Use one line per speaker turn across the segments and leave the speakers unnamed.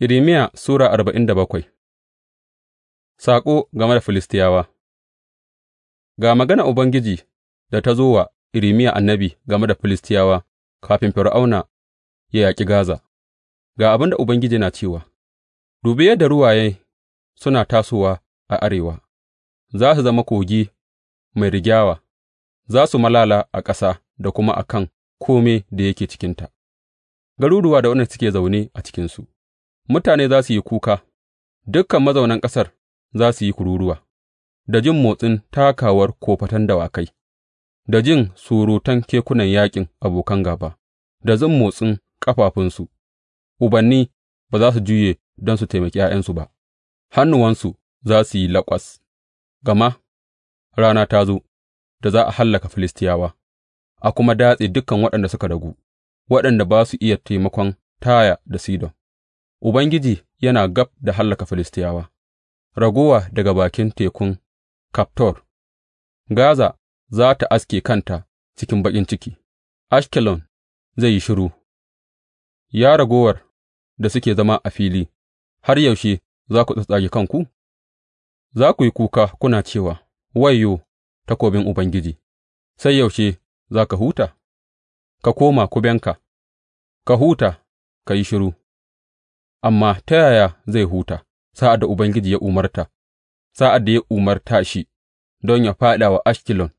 Irmiya Sura arba'in da bakwai Saƙo game da Filistiyawa Ga magana Ubangiji da ta zo wa Irmiya annabi game da Filistiyawa kafin Fir'auna ya yaƙi Gaza, ga abin da Ubangiji na cewa, Dubi yadda ruwaye suna tasowa a arewa, za su zama kogi mai rigyawa, za su malala a ƙasa da kuma a kan kome da yake cikinta, garuruwa da waɗanda suke zaune a cikinsu. Mutane za su yi kuka, dukan mazaunan ƙasar za su yi kururuwa, da jin motsin takawar kofatan dawakai, da jin surutan kekunan yaƙin abokan gaba. da jin motsin ƙafafunsu; ubanni ba za su juye don su taimaki ’ya'yansu ba, hannuwansu za su yi laƙwas, gama rana ta zo da za a hallaka Filistiyawa, a kuma datse dukan waɗanda suka ragu, waɗanda ba su iya taimakon Taya da Sidon. Ubangiji yana gab da hallaka Filistiyawa, raguwa daga bakin tekun
Kaftor; Gaza za tă aske kanta cikin baƙin ciki, Ashkelon zai yi shiru, Ya ragowar da suke zama a fili, har yaushe za ku tsattsage kanku, za ku yi kuka
kuna cewa, Wayo, takobin Ubangiji, sai yaushe za ka huta, ka koma kubenka, ka huta, ka yi shiru.’ amma ta yaya zai huta sa'ad da Ubangiji ya umarta, sa'ad da ya umarta
shi don yă fāɗa wa Ashkelon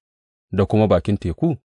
da kuma bakin teku?